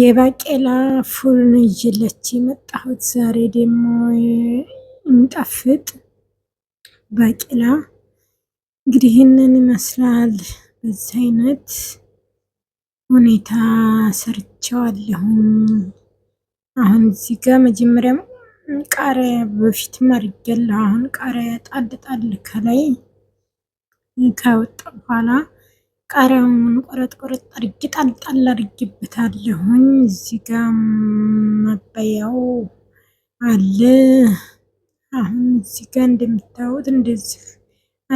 የባቄላ ፉል ነው ይዤላች የመጣሁት። ዛሬ ደግሞ የሚጣፍጥ ባቄላ እንግዲህ ይህንን ይመስላል። በዚህ አይነት ሁኔታ ሰርቸዋለሁኝ። አሁን እዚህ ጋር መጀመሪያም ቃሪያ በፊትም አድርጌያለሁ። አሁን ቃሪያ ጣል ጣል ከላይ ከወጣ በኋላ ቃሪያውን ቆረጥ ቆረጥ አድርጌ ጣልጣል ጣል አድርጌበታለሁኝ። እዚህ ጋ መበያው አለ። አሁን እዚህ ጋ እንደምታዩት እንደዚህ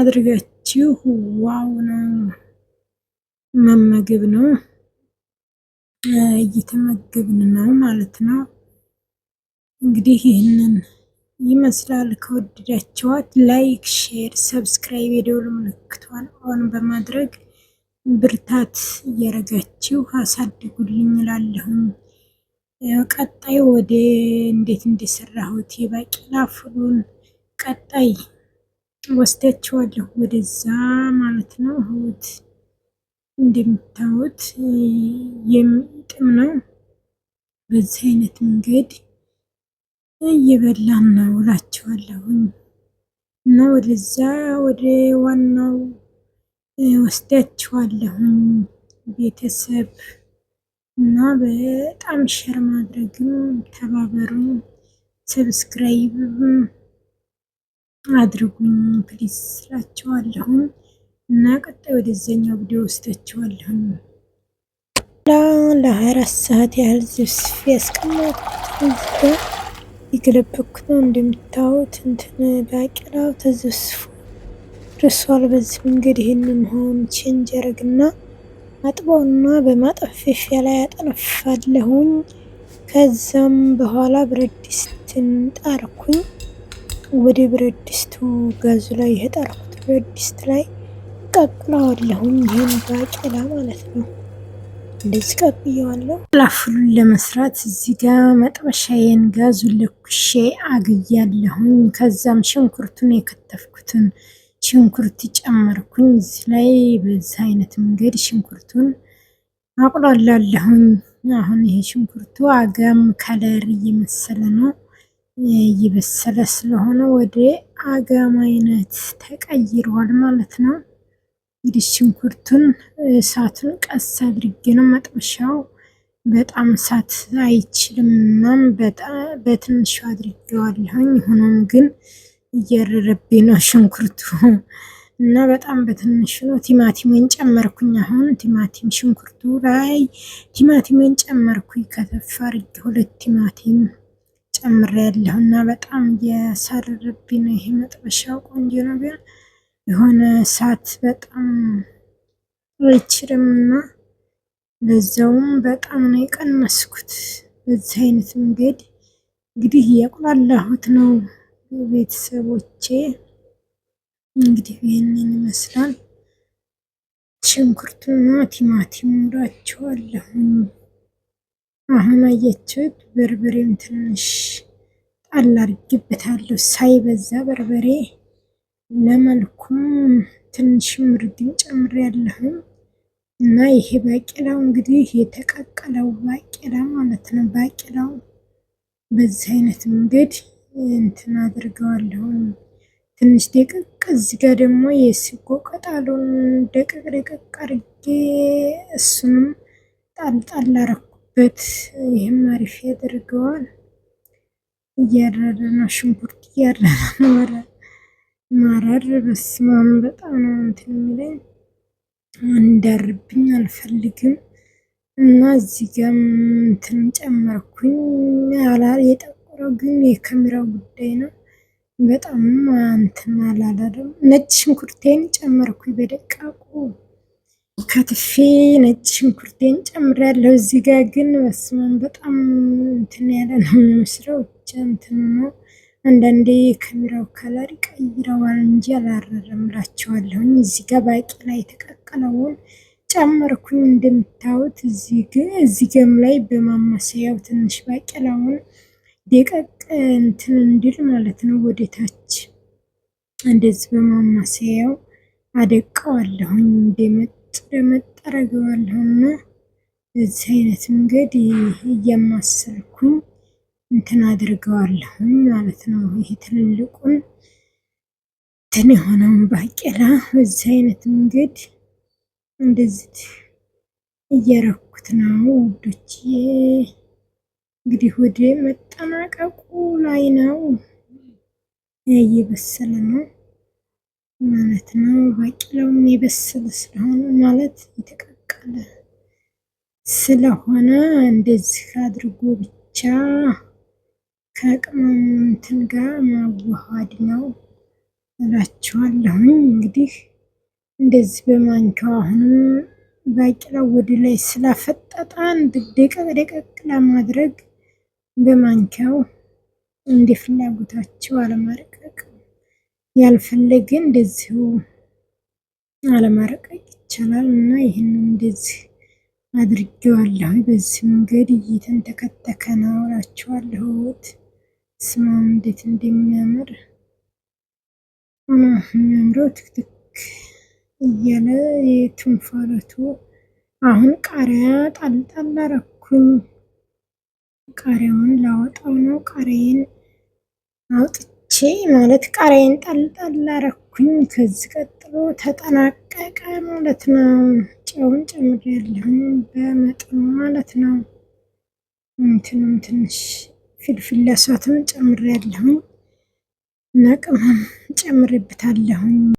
አድርጋችሁ ዋው ነው መመገብ ነው። እየተመገብን ነው ማለት ነው። እንግዲህ ይህንን ይመስላል። ከወደዳችኋት ላይክ፣ ሼር፣ ሰብስክራይብ የደወል ምልክቷን ኦን በማድረግ ብርታት እያረጋችሁ አሳድጉልኝ እላለሁኝ። ቀጣይ ወደ እንዴት እንደሰራሁት የባቄላ ፍሉን ቀጣይ ወስዳችኋለሁ ወደዛ ማለት ነው። እሁድ እንደምታዩት የሚጥም ነው። በዚህ አይነት መንገድ እየበላን ነው እላችኋለሁኝ እና ወደዛ ወደ ዋናው ወስዳችኋለሁ ቤተሰብ እና በጣም ሸር ማድረግም ተባበሩ፣ ሰብስክራይብ አድርጉኝ ፕሊዝ ስላችኋለሁ እና ቀጣይ ወደዛኛው ቪዲዮ ወስዳችኋለሁም ለሀያ አራት ሰዓት ያህል ዝብስፍ ያስቀመጥኩት የገለበኩት ነው። እንደምታዩት እንትን ባቄላው ተዘብስፎ ደርሷል። በዚህ መንገድ ይህንን ሆን ቼንጅ ያደርግና አጥበውና በማጠፈፊያ ላይ አጠነፋለሁኝ። ከዛም በኋላ ብረት ድስትን ጣርኩኝ። ወደ ብረት ድስቱ ጋዙ ላይ የጣርኩት ብረት ድስት ላይ ቀቅለዋለሁኝ። ይህን ባቄላ ማለት ነው። እንደዚህ ቀቅየዋለሁ። ፍሉን ለመስራት እዚህ ጋ መጥበሻዬን ጋዙ ለኩሼ አግያለሁኝ። ከዛም ሽንኩርቱን የከተፍኩትን ሽንኩርት ጨመርኩኝ። እዚህ ላይ በዚህ አይነት መንገድ ሽንኩርቱን አቁላላለሁኝ። አሁን ይሄ ሽንኩርቱ አጋም ከለር እየመሰለ ነው እየበሰለ ስለሆነ ወደ አጋም አይነት ተቀይሯል ማለት ነው። እንግዲህ ሽንኩርቱን እሳቱን ቀስ አድርጌ ነው መጥበሻው በጣም እሳት አይችልም። በትንሹ አድርጌዋለሁኝ ሆኖም ግን እየረረብኝ ነው ሽንኩርቱ እና በጣም በትንሽ ነው። ቲማቲምን ጨመርኩኝ። አሁን ቲማቲም ሽንኩርቱ ላይ ቲማቲምን ጨመርኩኝ። ከተፍ አድርጌ ሁለት ቲማቲም ጨምሬ ያለሁ እና በጣም እየሳረረብኝ ነው። ይሄ መጥበሻው ቆንጆ ነው፣ ግን የሆነ እሳት በጣም አይችልም እና ለዛውም በጣም ነው የቀነስኩት። በዚህ አይነት መንገድ እንግዲህ እያቁላላሁት ነው። ቤተሰቦቼ እንግዲህ ይህንን ይመስላል። ሽንኩርቱና ቲማቲም ኑራቸዋለሁኝ። አሁን አየችሁት፣ በርበሬም ትንሽ ጣል አድርጌበታለሁ ሳይበዛ በርበሬ ለመልኩም ትንሽ ምርግን ጨምሬያለሁኝ። እና ይሄ ባቄላው እንግዲህ የተቀቀለው ባቄላ ማለት ነው። ባቄላው በዚህ አይነት መንገድ እንትን አድርገዋለሁ። ትንሽ ደቀቅ እዚህ ጋር ደግሞ የስጎ ቅጠሉን ደቀቅ ደቀቅ አድርጌ እሱንም ጣልጣል አረኩበት። ይህም አሪፍ ያደርገዋል። እያረረ ነው፣ ሽንኩርት እያረረ ነው። ማረር በስመ አብ በጣም ነው እንትን የሚለኝ እንዳርብኝ አልፈልግም እና እዚህ ጋር እንትን ጨመርኩኝ ነው፣ ግን የካሜራው ጉዳይ ነው። በጣም እንትን አላለም። ነጭ ሽንኩርቴን ጨመርኩኝ በደቃቁ ከትፌ ነጭ ሽንኩርቴን ጨምሬያለሁ። እዚህ ጋር ግን መስማን በጣም እንትን ያለ ነው የሚመስለው። ብቻ እንትን ነው። አንዳንዴ የካሜራው ከለር ቀይረዋል እንጂ አላረረምላቸዋለሁኝ። እዚህ ጋር ባቄላ የተቀቀለውን ጨመርኩኝ። እንደምታዩት እዚህ ግን እዚህ ገም ላይ በማማሰያው ትንሽ ባቄላውን ደቀቅ እንትን እንዲል ማለት ነው። ወደታች እንደዚህ በማማሰያው አደቀዋለሁኝ እንደመጥ ደመጥ አረገዋለሁና በዚህ አይነት መንገድ እያማሰልኩኝ እንትን አድርገዋለሁኝ ማለት ነው። ይህ ትልልቁን እንትን የሆነውን ባቄላ በዚህ አይነት መንገድ እንደዚህ እየረኩት ነው ውዶች። እንግዲህ ወደ መጠናቀቁ ላይ ነው። እየበሰለ ነው ማለት ነው። ባቄላውም የበሰለ ስለሆነ ማለት የተቀቀለ ስለሆነ እንደዚህ አድርጎ ብቻ ከቅመምትን ጋር ማዋሃድ ነው እላችኋለሁኝ። እንግዲህ እንደዚህ በማንኪያው አሁንም ባቄላው ወደ ላይ ስላፈጠጠ አንድ ደቀቅ ደቀቅ ለማድረግ በማንኪያው እንደ ፍላጎታቸው አለማረቀቅ ያልፈለገ እንደዚሁ አለማረቀቅ ይቻላል እና ይህን እንደዚህ አድርጌዋለሁ። በዚህ መንገድ እየተንተከተከ ነው እላችኋለሁ። ወጥ ስማ እንዴት እንደሚያምር የሚያምረው ትክትክ እያለ የትንፋሎቱ አሁን ቃሪያ ጣልጣል አረኩኝ። ቃሪያውን ላወጣው ነው። ቃሪያን አውጥቼ ማለት ቃሪያን ጣልጣል አረኩኝ። ከዚ ቀጥሎ ተጠናቀቀ ማለት ነው። ጨውን ጨምሬያለሁኝ በመጠኑ ማለት ነው። እንትንም ትንሽ ፊልፊል እሳትም ጨምሬያለሁኝ እና ቅመም ጨምሬበታለሁኝ።